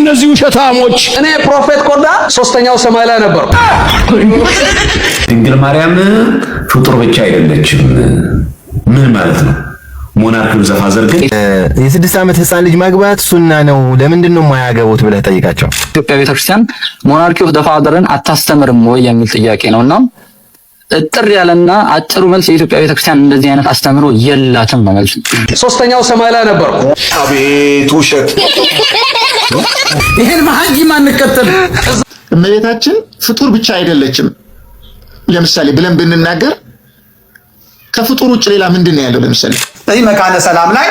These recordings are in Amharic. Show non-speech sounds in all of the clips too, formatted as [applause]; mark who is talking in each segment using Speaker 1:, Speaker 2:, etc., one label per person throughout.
Speaker 1: እነዚህ ውሸታሞች። እኔ ፕሮፌት ኮርዳ ሶስተኛው ሰማይ ላይ ነበር። ድንግል ማርያም ፍጡር ብቻ አይደለችም። ምን ማለት ነው? ሞናርኩን ዘፋዘር ግን የስድስት ዓመት ህፃን ልጅ ማግባት ሱና ነው፣ ለምንድን ነው የማያገቡት ብለህ ጠይቃቸው። ኢትዮጵያ ቤተክርስቲያን ሞናርኪ ኦፍ ዘፋዘርን አታስተምርም ወይ የሚል ጥያቄ ነውና እጥር ያለና አጭሩ መልስ የኢትዮጵያ ቤተክርስቲያን እንደዚህ አይነት አስተምህሮ የላትም ነው መልሱ። ሶስተኛው ሰማይ ላይ ነበር። አቤት ውሸት! ይሄን መሀንጂ ማንከተል። እመቤታችን ፍጡር ብቻ አይደለችም። ለምሳሌ ብለን ብንናገር ከፍጡር ውጭ ሌላ ምንድን ነው ያለው? ለምሳሌ በዚህ መካነ ሰላም ላይ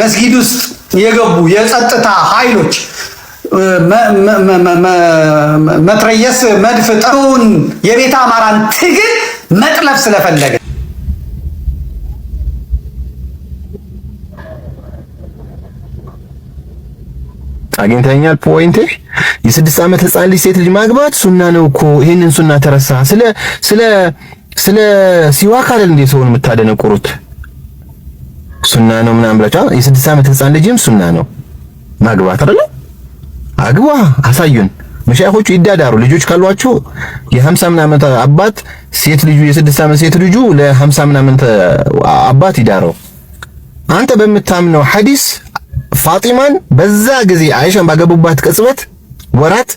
Speaker 1: መስጊድ ውስጥ የገቡ የጸጥታ ኃይሎች መትረየስ፣ መድፍ፣ ጥሩን የቤተ አማራን ትግል መጥለፍ ስለፈለገ አግኝተኛል። ፖይንት የስድስት ዓመት ህፃን ልጅ ሴት ልጅ ማግባት ሱና ነው እኮ። ይሄንን ሱና ተረሳ። ስለ ስለ ስለ ሲዋክ አይደል እንዴ ሰውን የምታደነቁሩት? ሱና ነው ምናምን ብላችሁ የስድስት ዓመት ህፃን ልጅም ሱና ነው ማግባት አይደል? አግባ አሳዩን። መሻይኮቹ ይዳዳሩ። ልጆች ካሏቸው የ50 ምናምን አባት ሴት ልጁ የ6 ዓመት ሴት ልጁ ለ50 ምናምን አባት ይዳረው። አንተ በምታምነው ሐዲስ ፋጢማን በዛ ጊዜ አይሻን ባገቡባት ቅጽበት ወራት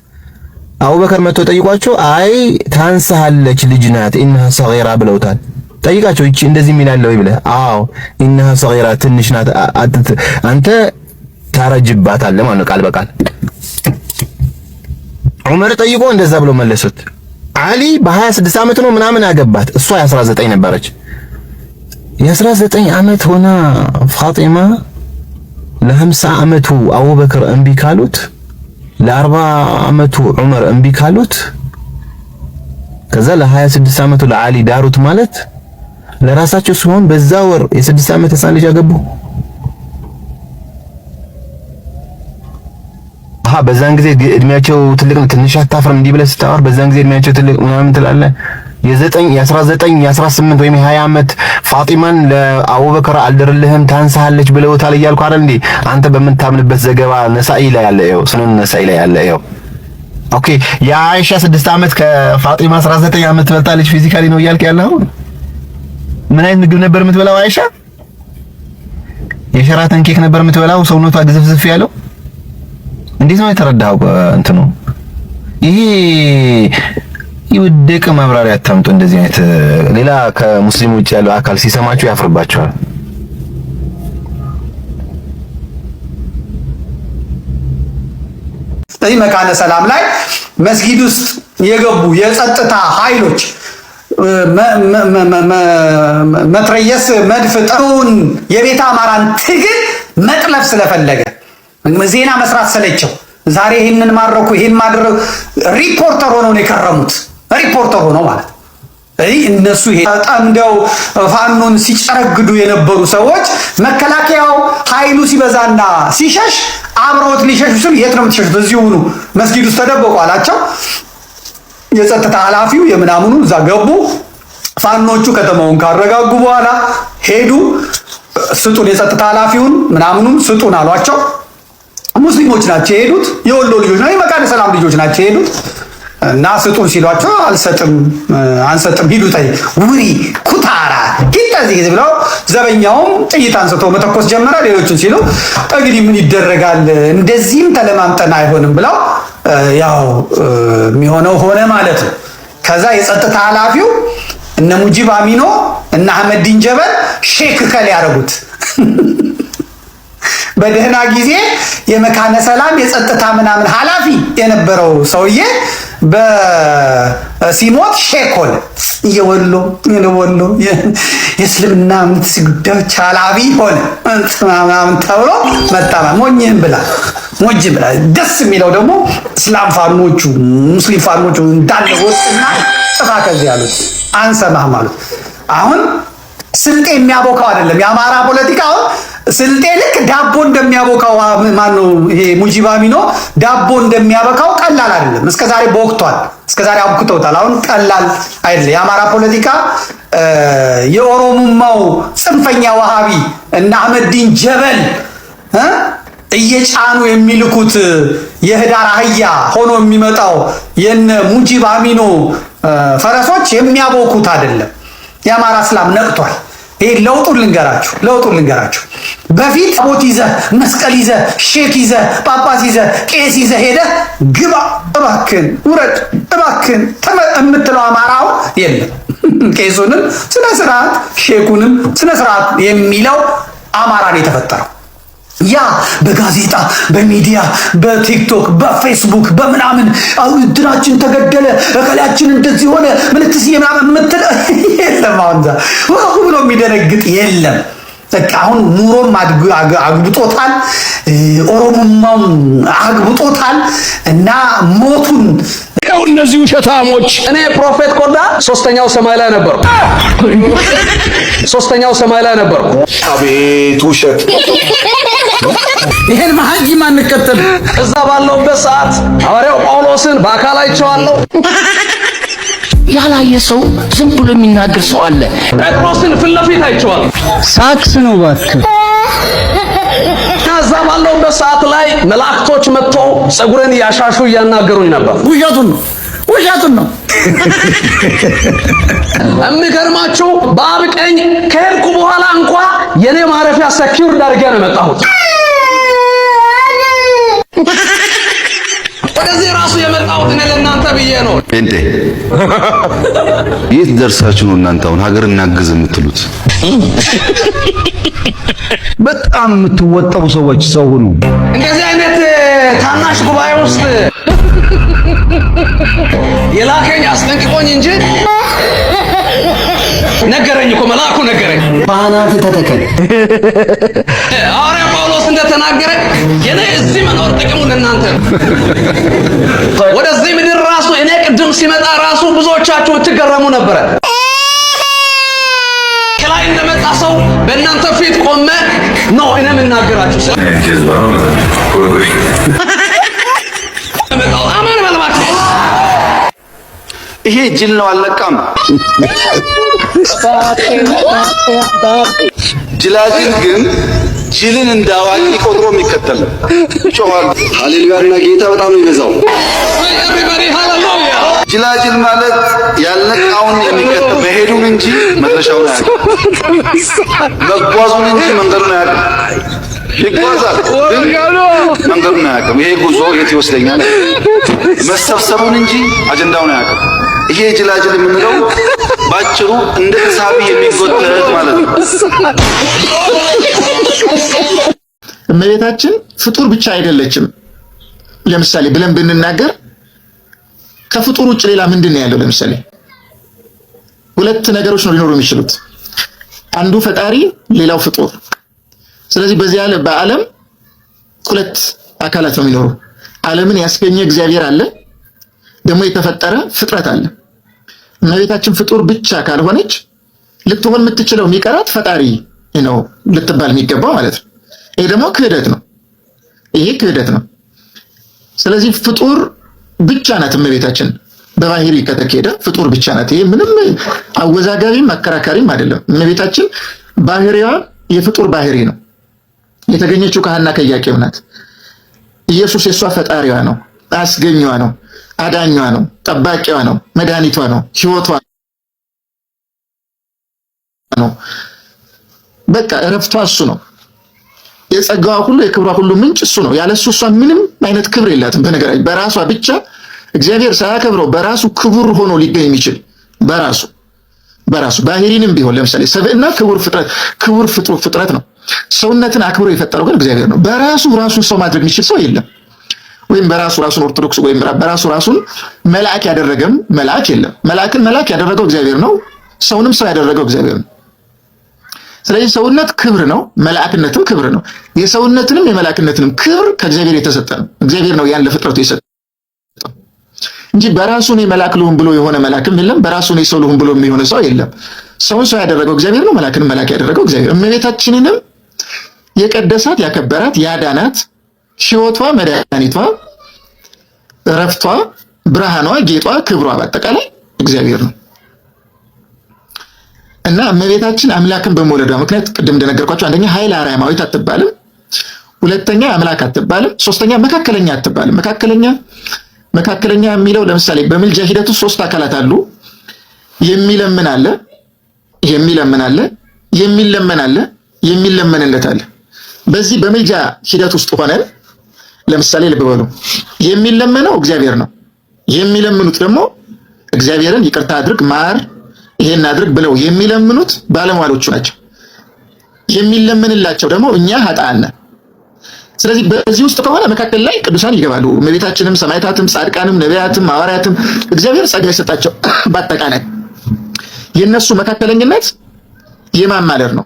Speaker 1: አቡበከር መጥቶ ጠይቋቸው፣ አይ ታንሳለች ልጅ ናት ኢንሃ ሰጊራ ብለውታል። ጠይቃቸው እቺ እንደዚህ የሚላል ወይ ብለህ አዎ ኢንሃ ሰጊራ ትንሽ ናት፣ አንተ ታረጅባታለህ ማለት ነው ቃል በቃል ዑመር ጠይቆ እንደዛ ብሎ መለሱት። አሊ በ26 ዓመት ነው ምናምን ያገባት እሷ የ19 ነበረች። የ19 ዓመት ሆና ፋጢማ ለ50 ዓመቱ አቡበክር እምቢ ካሉት፣ ለ40 ዓመቱ ዑመር እምቢ ካሉት፣ ከዛ ለ26 ዓመቱ ለአሊ ዳሩት ማለት ለራሳቸው ሲሆን በዛ ወር የ6 ዓመት ህፃን ልጅ አገቡ። አሀ በዛን ጊዜ እድሜያቸው ትልቅ ነው ትንሽ አታፍርም? እንዲህ ብለህ ስታወር በዛን ጊዜ እድሜያቸው ትልቅ ምናምን ትላለህ። የዘጠኝ የአስራ ዘጠኝ የአስራ ስምንት ወይም የሀያ ዓመት ፋጢማን ለአቡበከር አልደርልህም ታንሳሃለች ብለውታል እያልኩ አይደል እንዴ? አንተ በምታምንበት ዘገባ ነሳኢ ላይ ያለ ይኸው፣ ስኑን ነሳኢ ላይ ያለ ይኸው። ኦኬ የአይሻ ስድስት ዓመት ከፋጢማ አስራ ዘጠኝ ዓመት ትበልጣለች ፊዚካሊ ነው እያልክ ያለኸው። ምን አይነት ምግብ ነበር የምትበላው አይሻ? የሸራተን ኬክ ነበር የምትበላው ሰውነቷ ግዝፍዝፍ ያለው እንዴት ነው የተረዳው እንትኑ ይሄ የወደቀ ማብራሪያ አታምጡ። እንደዚህ አይነት ሌላ ከሙስሊም ውጭ ያለው አካል ሲሰማችሁ ያፍርባቸዋል። ስለዚህ መካነ ሰላም ላይ መስጊድ ውስጥ የገቡ የጸጥታ ኃይሎች መትረየስ፣ መድፍ፣ ጠሩን የቤተ አማራን ትግል መጥለፍ ስለፈለገ ዜና መስራት ሰለቸው። ዛሬ ይህንን ማድረኩ ይህን ማድረ ሪፖርተር ሆነው ነው የከረሙት። ሪፖርተር ሆነው ማለት እነሱ ይሄ ጠምደው ፋኖን ሲጨረግዱ የነበሩ ሰዎች መከላከያው ኃይሉ ሲበዛና ሲሸሽ አብረውት ሊሸሹ ሲሉ የት ነው የምትሸሹት? በዚህ ሁኑ መስጊድ ውስጥ ተደበቁ አላቸው። የጸጥታ ኃላፊው የምናምኑ እዛ ገቡ። ፋኖቹ ከተማውን ካረጋጉ በኋላ ሄዱ። ስጡን፣ የጸጥታ ኃላፊውን ምናምኑን ስጡን አሏቸው። ሙስሊሞች ናቸው የሄዱት። የወሎ ልጆች ናቸው፣ የመቃነ ሰላም ልጆች ናቸው የሄዱት እና ስጡን ሲሏቸው አልሰጥም አንሰጥም ሂዱ ታይ ውሪ ኩታራ ዚህ ብለው ዘበኛውም ጥይት አንስቶ መተኮስ ጀመረ። ሌሎችን ሲሉ እንግዲህ ምን ይደረጋል እንደዚህም ተለማምጠን አይሆንም ብለው ያው የሚሆነው ሆነ ማለት ነው። ከዛ የጸጥታ ኃላፊው እነ ሙጂብ አሚኖ እና አህመድ ዲንጀበል ሼክ ከል ያደረጉት በደህና ጊዜ የመካነ ሰላም የጸጥታ ምናምን ኃላፊ የነበረው ሰውዬ በሲሞት ሼኮል ሆነ። የወሎ የወሎ የእስልምና እምነት ጉዳዮች ኃላፊ ሆነ ምናምን ተብሎ መጣማ ሞኝህን ብላ ሞጅ ብላ። ደስ የሚለው ደግሞ እስላም ፋኖቹ ሙስሊም ፋኖቹ እንዳለ ወጥና ጥፋ ከዚህ ያሉት አንሰማህም አሉት አሁን ስልጤ የሚያቦካው አይደለም። የአማራ ፖለቲካ ስልጤ ልክ ዳቦ እንደሚያቦካው ማነው ይሄ ሙጂባ ሚኖ ዳቦ እንደሚያበካው ቀላል አይደለም። እስከዛሬ ቦክቷል፣ እስከዛሬ አብኩተውታል። አሁን ቀላል አይደለም የአማራ ፖለቲካ። የኦሮሙማው ጽንፈኛ ዋሃቢ እና አህመዲን ጀበል እየጫኑ የሚልኩት የህዳር አህያ ሆኖ የሚመጣው የነ ሙጂባ ፈረሶች የሚያቦኩት አይደለም። የአማራ እስላም ነቅቷል። ይሄ ለውጡን ልንገራችሁ፣ ለውጡን ልንገራችሁ። በፊት ቦት ይዘ መስቀል ይዘ ሼክ ይዘ ጳጳስ ይዘ ቄስ ይዘ ሄደ ግባ፣ እባክን ውረድ፣ እባክን የምትለው አማራው የለም። [laughs] ቄሱንም ስነ ስርዓት ሼኩንም ስነ ስርዓት የሚለው አማራን የተፈጠረው ያ በጋዜጣ በሚዲያ በቲክቶክ በፌስቡክ በምናምን እንትናችን ተገደለ እከላያችን እንደዚህ ሆነ ምንትስዬ ምናምን ምትል [laughs] የለም። አሁን እዛ ወሁ ብሎ የሚደነግጥ የለም። በቃ አሁን ኑሮም አግብጦታል፣ ኦሮሞማም አግብጦታል እና ሞቱን ይኸው እነዚህ ውሸታሞች። እኔ ፕሮፌት ኮርዳ ሶስተኛው ሰማይ ላይ ነበርኩ፣ ሶስተኛው ሰማይ ላይ ነበርኩ። አቤት ውሸት! ይሄን መሀጂ ማንከተል እዛ ባለውበት ሰዓት ሐዋርያው ጳውሎስን በአካል አይቼዋለሁ። ያላየ ሰው ዝም ብሎ የሚናገር ሰው አለ። ጴጥሮስን ፊት ለፊት አይቼዋለሁ። ሳክስ ነው ባክ ከዛ ባለውበት ሰዓት ላይ መላእክቶች መጥተው ጸጉረን እያሻሹ እያናገሩኝ ነበር። ውሸቱን ነው ውሸቱን ነው። የሚገርማችሁ በአብ ቀኝ ከሄድኩ በኋላ እንኳ የኔ ማረፊያ ሰኪውር ዳርጋ ነው የመጣሁት። ወደዚህ ራሱ የመጣሁት እኔ ለእናንተ ብዬ ነው እንዴ! የት ደርሳችሁ ነው እናንተ አሁን ሀገር እናግዝ የምትሉት? በጣም የምትወጠሩ ሰዎች ሰው ሁኑ። እንደዚህ አይነት ታናሽ ጉባኤ ውስጥ የላከኝ አስጠንቅቆኝ እንጂ ነገረኝ እኮ መልአኩ ነገረኝ። ባናት ተተከለ ሐዋርያ ጳውሎስ እንደተናገረ የኔ እዚህ መኖር ጥቅሙ ለእናንተ ወደዚህ ምድር ራሱ እኔ ቅድም ሲመጣ ራሱ ብዙዎቻችሁ ትገረሙ ነበረ። ላይ እንደመጣ ሰው በእናንተ ፊት ቆመ ነው እኔ የምናገራችሁ። ይሄ ጅል ነው፣ አልነቃም። ጅላጅል ግን ጅልን እንደ አዋቂ ቆጥሮ የሚከተል ጮኋል። ጌታ በጣም ይበዛው ጅላጅል ማለት ያለቃውን የሚከተል መሄዱን እንጂ መድረሻውን አያውቅም። መጓዙን እንጂ መንገዱን አያውቅም። ይጓዛል መንገዱን አያውቅም። ይሄ ጉዞ የት ይወስደኛል? መሰብሰቡን እንጂ አጀንዳውን አያውቅም። ይሄ ጅላጅል የምንለው ባጭሩ እንደ ተሳቢ የሚጎተት ማለት ነው። እመቤታችን ፍጡር ብቻ አይደለችም። ለምሳሌ ብለን ብንናገር ከፍጡር ውጭ ሌላ ምንድን ነው ያለው? ለምሳሌ ሁለት ነገሮች ነው ሊኖሩ የሚችሉት፣ አንዱ ፈጣሪ፣ ሌላው ፍጡር። ስለዚህ በዚህ ዓለም በዓለም ሁለት አካላት ነው የሚኖሩ። ዓለምን ያስገኘ እግዚአብሔር አለ፣ ደግሞ የተፈጠረ ፍጥረት አለ። እመቤታችን ፍጡር ብቻ ካልሆነች ልትሆን የምትችለው የሚቀራት ፈጣሪ ነው ልትባል የሚገባው ማለት ነው። ይሄ ደግሞ ክህደት ነው። ይሄ ክህደት ነው። ስለዚህ ፍጡር ብቻ ናት እመቤታችን። በባህሪ ከተካሄደ ፍጡር ብቻ ናት። ይሄ ምንም አወዛጋቢም አከራካሪም አይደለም። እመቤታችን ባህሪዋ የፍጡር ባህሪ ነው። የተገኘችው ከሐና ከኢያቄም ናት። ኢየሱስ የእሷ ፈጣሪዋ ነው፣ አስገኘዋ ነው፣ አዳኟ ነው፣ ጠባቂዋ ነው፣ መድኃኒቷ ነው፣ ህይወቷ ነው። በቃ እረፍቷ እሱ ነው። የጸጋዋ ሁሉ የክብሯ ሁሉ ምንጭ እሱ ነው። ያለ እሱ እሷ ምንም አይነት ክብር የላትም። በነገር በራሷ ብቻ እግዚአብሔር ሳያከብረው በራሱ ክቡር ሆኖ ሊገኝ የሚችል በራሱ በራሱ ባህሪንም ቢሆን ለምሳሌ ሰብእና ክቡር ፍጥረት ክቡር ፍጥረት ነው። ሰውነትን አክብሮ የፈጠረው ግን እግዚአብሔር ነው። በራሱ ራሱን ሰው ማድረግ የሚችል ሰው የለም። ወይም በራሱ ራሱን ኦርቶዶክስ ወይም በራሱ ራሱን መልአክ ያደረገም መልአክ የለም። መልአክን መልአክ ያደረገው እግዚአብሔር ነው። ሰውንም ሰው ያደረገው እግዚአብሔር ነው። ስለዚህ ሰውነት ክብር ነው፣ መላእክነትም ክብር ነው። የሰውነትንም የመላእክነትንም ክብር ከእግዚአብሔር የተሰጠ ነው። እግዚአብሔር ነው ያን ለፍጥረቱ የሰጠ እንጂ በራሱ እኔ መልአክ ልሁን ብሎ የሆነ መልአክም የለም። በራሱ እኔ ሰው ልሁን ብሎ የሚሆነ ሰው የለም። ሰውን ሰው ያደረገው እግዚአብሔር ነው። መልአክንም መልአክ ያደረገው እግዚአብሔር። እመቤታችንንም የቀደሳት ያከበራት ያዳናት ሕይወቷ መድኃኒቷ፣ እረፍቷ፣ ብርሃኗ፣ ጌጧ፣ ክብሯ በአጠቃላይ እግዚአብሔር ነው። እና እመቤታችን አምላክን በመውለዷ ምክንያት ቅድም እንደነገርኳቸው አንደኛ ኃይለ አርያማዊት አትባልም፣ ሁለተኛ አምላክ አትባልም፣ ሶስተኛ መካከለኛ አትባልም። መካከለኛ መካከለኛ የሚለው ለምሳሌ በምልጃ ሂደቱ ሶስት አካላት አሉ። የሚለምን አለ፣ የሚለምን አለ፣ የሚለመን አለ፣ የሚለመንለት አለ። በዚህ በምልጃ ሂደት ውስጥ ሆነን ለምሳሌ ልብ በሉ፣ የሚለመነው እግዚአብሔር ነው። የሚለምኑት ደግሞ እግዚአብሔርን ይቅርታ አድርግ ማር ይሄን አድርግ ብለው የሚለምኑት ባለሟሎቹ ናቸው። የሚለምንላቸው ደግሞ እኛ ሀጣን። ስለዚህ በዚህ ውስጥ ከሆነ መካከል ላይ ቅዱሳን ይገባሉ። እመቤታችንም፣ ሰማዕታትም፣ ጻድቃንም፣ ነቢያትም፣ ሐዋርያትም እግዚአብሔር ጸጋ ይሰጣቸው [clears throat] በአጠቃላይ የእነሱ መካከለኝነት የማማለር ነው።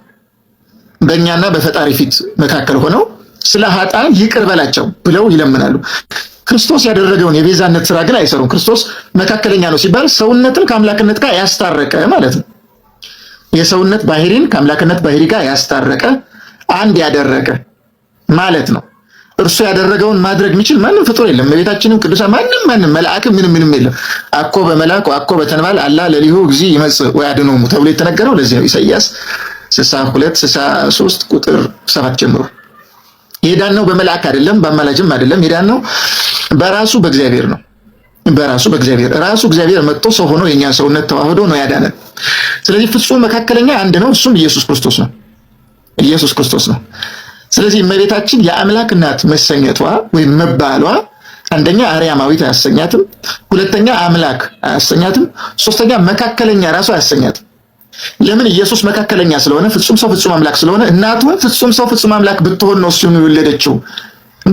Speaker 1: በእኛና በፈጣሪ ፊት መካከል ሆነው ስለ ሀጣ ይቅር በላቸው ብለው ይለምናሉ። ክርስቶስ ያደረገውን የቤዛነት ስራ ግን አይሰሩም። ክርስቶስ መካከለኛ ነው ሲባል ሰውነትን ከአምላክነት ጋር ያስታረቀ ማለት ነው። የሰውነት ባህሪን ከአምላክነት ባህሪ ጋር ያስታረቀ አንድ ያደረገ ማለት ነው። እርሱ ያደረገውን ማድረግ የሚችል ማንም ፍጡር የለም። እመቤታችንም፣ ቅዱሳን፣ ማንም ማንም መላእክም፣ ምንም ምንም የለም። አኮ በመልአክ አኮ በተንባል አላ ለሊሁ እግዚ ይመጽ ወያድኅኖሙ ተብሎ የተነገረው ለዚህ ነው። ኢሳይያስ 62 63 ቁጥር ሰባት ጀምሮ የዳነው በመልአክ አይደለም፣ በአማላጅም አይደለም። የዳነው በራሱ በእግዚአብሔር ነው። በራሱ በእግዚአብሔር ራሱ እግዚአብሔር መጥቶ ሰው ሆኖ የኛ ሰውነት ተዋህዶ ነው ያዳነን። ስለዚህ ፍጹም መካከለኛ አንድ ነው፣ እሱም ኢየሱስ ክርስቶስ ነው። ኢየሱስ ክርስቶስ ነው። ስለዚህ እመቤታችን የአምላክ እናት መሰኘቷ ወይም መባሏ አንደኛ አርያማዊት አያሰኛትም፣ ሁለተኛ አምላክ አያሰኛትም፣ ሶስተኛ መካከለኛ ራሱ አያሰኛትም። ለምን ኢየሱስ መካከለኛ ስለሆነ ፍጹም ሰው ፍጹም አምላክ ስለሆነ እናቱ ፍጹም ሰው ፍጹም አምላክ ብትሆን ነው እሱን የወለደችው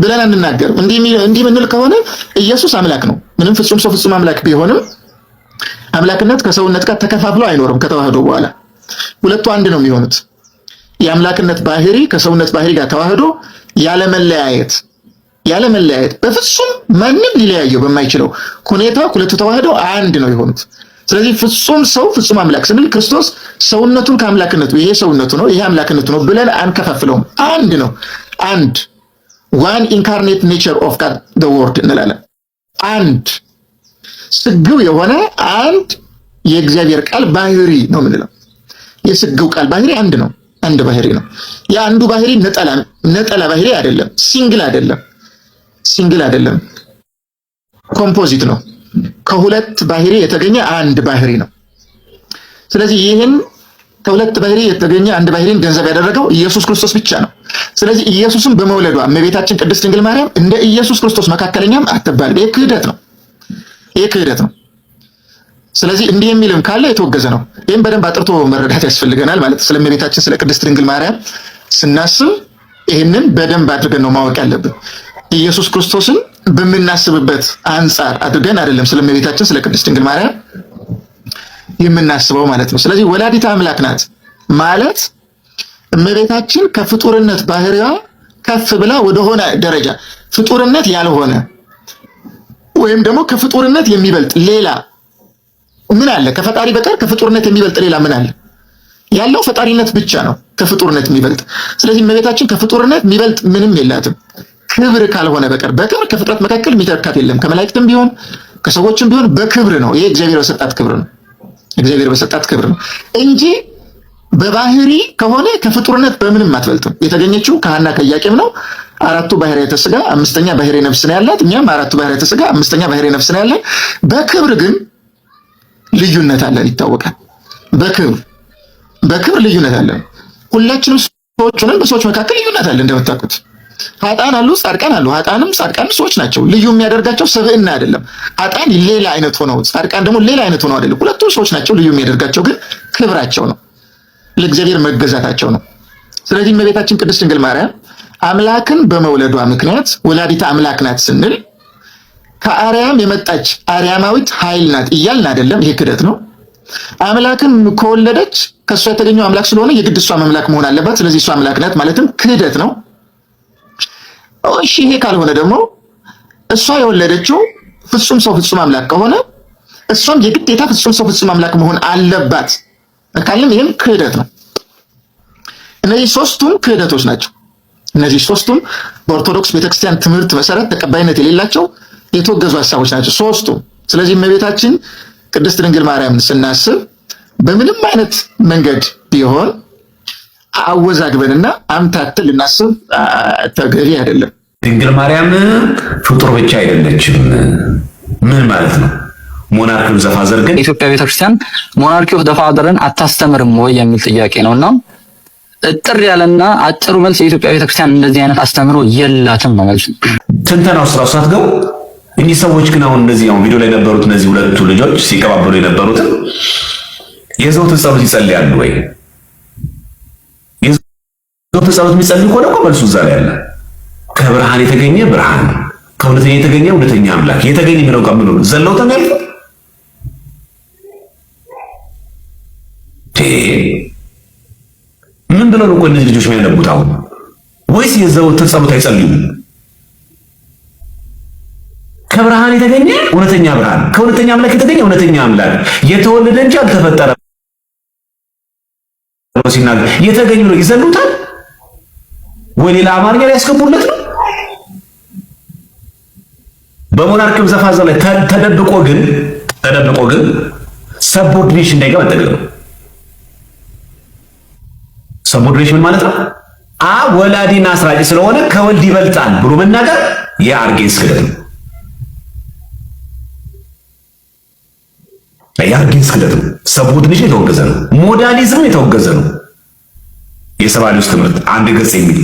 Speaker 1: ብለን አንናገር እንዲህ ምንል ከሆነ ኢየሱስ አምላክ ነው። ምንም ፍጹም ሰው ፍጹም አምላክ ቢሆንም አምላክነት ከሰውነት ጋር ተከፋፍሎ አይኖርም። ከተዋህዶ በኋላ ሁለቱ አንድ ነው የሚሆኑት። የአምላክነት ባህሪ ከሰውነት ባህሪ ጋር ተዋህዶ ያለመለያየት ያለመለያየት በፍጹም ማንም ሊለያየው በማይችለው ሁኔታ ሁለቱ ተዋህዶ አንድ ነው የሆኑት። ስለዚህ ፍጹም ሰው ፍጹም አምላክ ስንል ክርስቶስ ሰውነቱን ከአምላክነቱ ይሄ ሰውነቱ ነው፣ ይሄ አምላክነቱ ነው ብለን አንከፋፍለውም። አንድ ነው። አንድ ዋን ኢንካርኔት ኔቸር ኦፍ ጋድ ዘ ወርድ እንላለን። አንድ ስግው የሆነ አንድ የእግዚአብሔር ቃል ባህሪ ነው የምንለው። የስግው ቃል ባህሪ አንድ ነው። አንድ ባህሪ ነው። የአንዱ ባህሪ ነጠላ ነጠላ ባህሪ አይደለም። ሲንግል አይደለም። ሲንግል አይደለም። ኮምፖዚት ነው። ከሁለት ባህሪ የተገኘ አንድ ባህሪ ነው። ስለዚህ ይህን ከሁለት ባህሪ የተገኘ አንድ ባህሪን ገንዘብ ያደረገው ኢየሱስ ክርስቶስ ብቻ ነው። ስለዚህ ኢየሱስን በመውለዷ እመቤታችን ቅድስት ድንግል ማርያም እንደ ኢየሱስ ክርስቶስ መካከለኛም አትባልም። ይህ ክህደት ነው። ይህ ክህደት ነው። ስለዚህ እንዲህ የሚልም ካለ የተወገዘ ነው። ይህም በደንብ አጥርቶ መረዳት ያስፈልገናል። ማለት ስለ እመቤታችን ስለ ቅድስት ድንግል ማርያም ስናስብ ይህንን በደንብ አድርገን ነው ማወቅ ያለብን ኢየሱስ ክርስቶስን በምናስብበት አንጻር አድርገን አይደለም እመቤታችን ስለ ቅድስት ድንግል ማርያም የምናስበው ማለት ነው። ስለዚህ ወላዲተ አምላክ ናት ማለት እመቤታችን ከፍጡርነት ባህሪዋ ከፍ ብላ ወደሆነ ደረጃ ፍጡርነት ያልሆነ ወይም ደግሞ ከፍጡርነት የሚበልጥ ሌላ ምን አለ? ከፈጣሪ በቀር ከፍጡርነት የሚበልጥ ሌላ ምን አለ? ያለው ፈጣሪነት ብቻ ነው፣ ከፍጡርነት የሚበልጥ። ስለዚህ እመቤታችን ከፍጡርነት የሚበልጥ ምንም የላትም። ክብር ካልሆነ በቀር በክብር ከፍጥረት መካከል የሚተካት የለም። ከመላእክትም ቢሆን ከሰዎችም ቢሆን በክብር ነው። ይሄ እግዚአብሔር በሰጣት ክብር ነው። እግዚአብሔር በሰጣት ክብር ነው እንጂ በባህሪ ከሆነ ከፍጡርነት በምንም አትበልጥም። የተገኘችው ከሐና ከኢያቄም ነው። አራቱ ባህርያተ ሥጋ አምስተኛ ባህሪ ነፍስ ነው ያላት። እኛም አራቱ ባህርያተ ሥጋ አምስተኛ ባህሪ ነፍስ ነው ያለን። በክብር ግን ልዩነት አለን፣ ይታወቃል። በክብር በክብር ልዩነት አለን። ሁላችንም ሰዎች ሆነን በሰዎች መካከል ልዩነት አለ እንደምታውቁት ሀጣን አሉ፣ ጻድቃን አሉ። ሀጣንም ጻድቃንም ሰዎች ናቸው። ልዩ የሚያደርጋቸው ስብዕና አይደለም። ሀጣን ሌላ አይነት ሆነው፣ ጻድቃን ደግሞ ሌላ አይነት ሆነው አይደለም። ሁለቱም ሰዎች ናቸው። ልዩ የሚያደርጋቸው ግን ክብራቸው ነው፣ ለእግዚአብሔር መገዛታቸው ነው። ስለዚህ እመቤታችን ቅድስት ድንግል ማርያም አምላክን በመውለዷ ምክንያት ወላዲት አምላክ ናት ስንል ከአርያም የመጣች አርያማዊት ኃይል ናት እያልን አይደለም። ይሄ ክደት ነው። አምላክን ከወለደች ከእሷ የተገኘው አምላክ ስለሆነ የግድ እሷ አምላክ መሆን አለባት። ስለዚህ እሷ አምላክ ናት ማለትም ክህደት ነው። እሺ ይሄ ካልሆነ ደግሞ እሷ የወለደችው ፍጹም ሰው ፍጹም አምላክ ከሆነ እሷም የግዴታ ፍጹም ሰው ፍጹም አምላክ መሆን አለባት ካለም ይህም ክህደት ነው። እነዚህ ሶስቱም ክህደቶች ናቸው። እነዚህ ሶስቱም በኦርቶዶክስ ቤተክርስቲያን ትምህርት መሰረት ተቀባይነት የሌላቸው የተወገዙ ሀሳቦች ናቸው ሶስቱም። ስለዚህ እመቤታችን ቅድስት ድንግል ማርያምን ስናስብ በምንም አይነት መንገድ ቢሆን አወዛግበንና አምታት ልናስብ ተገቢ አይደለም። ድንግል ማርያም ፍጡር ብቻ አይደለችም። ምን ማለት ነው? ሞናርኪው ዘፋዘር ግን የኢትዮጵያ ቤተክርስቲያን ሞናርኪው ዘፋዘርን አታስተምርም ወይ የሚል ጥያቄ ነው እና እጥር ያለና አጭሩ መልስ የኢትዮጵያ ቤተክርስቲያን እንደዚህ አይነት አስተምሮ የላትም ነው ትንተናው ስራ ውስጥ ገቡ እኒህ ሰዎች ግን አሁን እነዚህ አሁን ቪዲዮ ላይ የነበሩት እነዚህ ሁለቱ ልጆች ሲቀባበሉ የነበሩትን የዘውትን ጸሎት ይጸልያሉ ወይ? ገብቶ ጸሎት የሚጸልይ ከሆነ እኮ መልሱ እዛ ላይ ያለ ከብርሃን የተገኘ ብርሃን ከእውነተኛ የተገኘ እውነተኛ አምላክ የተገኘ የሚለው ቃል ምን ዘለው ተናል ምን ብለው ነው እነዚህ ልጆች የሚያነቡት? አሁን ወይስ የዘወትር ጸሎት አይጸልዩም? ከብርሃን የተገኘ እውነተኛ ብርሃን ከእውነተኛ አምላክ የተገኘ እውነተኛ አምላክ የተወለደ እንጂ አልተፈጠረም ሲናገር የተገኘ ነው ይዘሉታል። ወይ ሌላ አማርኛ ሊያስገቡለት ነው። በሞናርክም ዘፋዘ ላይ ተደብቆ ግን ተደብቆ ግን ሰቦርዲኔሽን እንዳይጋ መጠቀም ነው። ሰቦርዲኔሽን ምን ማለት ነው? አ ወላዲና አስራጭ ስለሆነ ከወልድ ይበልጣል ብሎ መናገር የአርጌንስ ክደት ነው። የአርጌንስ ክደት ነው። ሰቦርዲኔሽን የተወገዘ ነው። ሞዳሊዝም የተወገዘ ነው። የሰብአዊ ትምህርት አንድ ገጽ የሚል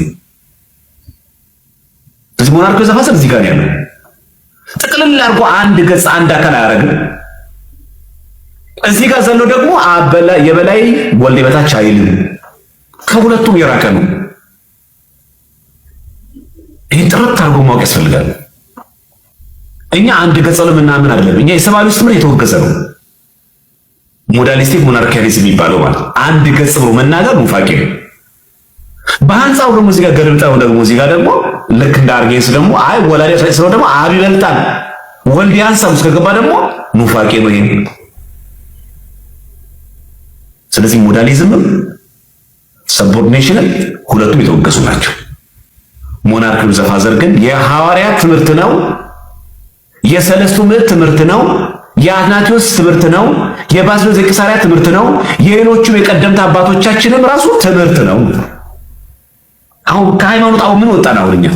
Speaker 1: ስለዚህ ሞናርኪ ዘፋሰር እዚህ ጋር ያለው ጥቅልል አድርጎ አንድ ገጽ አንድ አካል አያደርግም። እዚህ ጋር ዘሎ ደግሞ አበላ የበላይ ወልድ በታች አይልም። ከሁለቱም የራቀ ነው። ይህን ጥርት አድርጎ ማወቅ ያስፈልጋል። እኛ አንድ ገጽ ነው ምናምን አይደለም። እኛ የሰብአዊነት ትምህርት የተወገዘ ነው። ሞዳሊስቲክ ሞናርኪያሊዝም የሚባለው ማለት አንድ ገጽ ብሎ መናገር ኑፋቄ ነው። በአንጻው ደግሞ እዚህ ጋር ገልብጠው ደግሞ እዚህ ጋር ደግሞ ልክ እንደ አርጌስ ደግሞ አይ ወላዴ ፈጭ ስለሆነ ደግሞ አብ ይበልጣል ወልድ ያንሳም እስከገባ ደግሞ ኑፋቄ ነው ይሄ። ስለዚህ ሞዳሊዝምም ሰቦርዲኔሽንም ሁለቱም የተወገዙ ናቸው። ሞናርኪው ዘፋዘር ግን የሐዋርያት ትምህርት ነው፣ የሰለስቱ ምዕት ትምህርት ነው፣ የአትናቴዎስ ትምህርት ነው፣ የባስልዮስ ዘቂሳርያ ትምህርት ነው፣ የሌሎቹም የቀደምት አባቶቻችንም ራሱ ትምህርት ነው። አሁን ከሃይማኖት አሁን ምን ወጣን? አሁን እኛ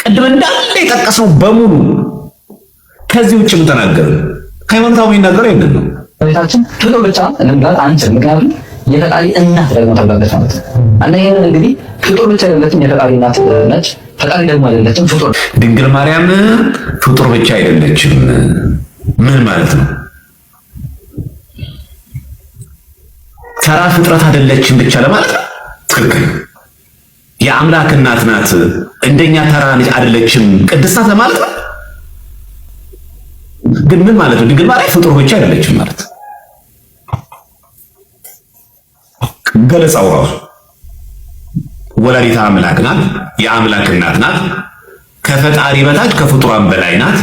Speaker 1: ቅድም እንዳለ የጠቀስነው በሙሉ ከዚህ ውጭ ምን ተናገርን? ሃይማኖት አሁን ይናገረው ይሄንን ነው። ቤታችን ቶሎ ብቻ ልንባል አንችል። ምክንያቱም የፈጣሪ እናት ደግሞ ተብላለች ማለት ነው። እና ይሄንን እንግዲህ ፍጡር ብቻ አይደለችም፣ የፈጣሪ እናት ነች። ፈጣሪ ደግሞ አይደለችም ፍጡር። ድንግል ማርያም ፍጡር ብቻ አይደለችም። ምን ማለት ነው? ተራ ፍጥረት አይደለችም ብቻ ለማለት ትክክል የአምላክ እናት ናት። እንደኛ ተራ ልጅ አይደለችም ቅድስት ናት ለማለት ነው። ግን ምን ማለት ነው? ድንግል ማርያም ፍጡር ብቻ አይደለችም ማለት ገለጻው ራሱ ወላዲተ አምላክ ናት፣ የአምላክ እናት ናት፣ ከፈጣሪ በታች ከፍጡራን በላይ ናት።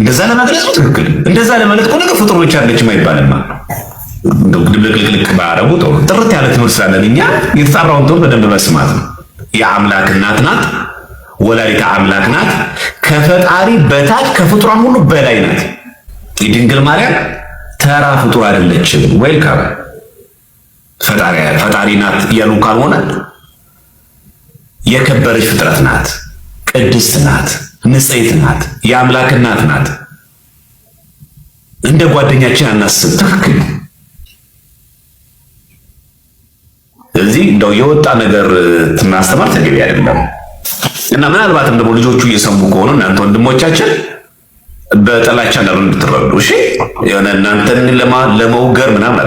Speaker 1: እንደዛ ለመግለጽ ነው ትክክል። እንደዛ ለማለት ከሆነ ፍጡር ብቻ አይደለችም አይባልም። እንደው ድብልቅልቅልቅ ባረቡ ጥርት ያለ ትምህርት ስላለን እኛ የተጣራውን ትምህርት በደንብ መስማት ነው። የአምላክ እናት ናት። ወላዲተ አምላክ ናት። ከፈጣሪ በታች ከፍጡራን ሁሉ በላይ ናት። የድንግል ማርያም ተራ ፍጡር አይደለችም። ዌልካም ፈጣሪ ፈጣሪ ናት እያሉ ካልሆነ የከበረች ፍጥረት ናት። ቅድስት ናት። ንጽሕት ናት። የአምላክ እናት ናት። እንደ ጓደኛችን አናስብ። ትክክል ስለዚህ እንደው የወጣ ነገር ማስተማር ተገቢ አይደለም እና ምናልባትም ደግሞ ልጆቹ እየሰሙ ከሆኑ እናንተ ወንድሞቻችን በጠላቻ እንዳሉ እንድትረዱ እሺ። የሆነ እናንተን ለመውገር ምናምን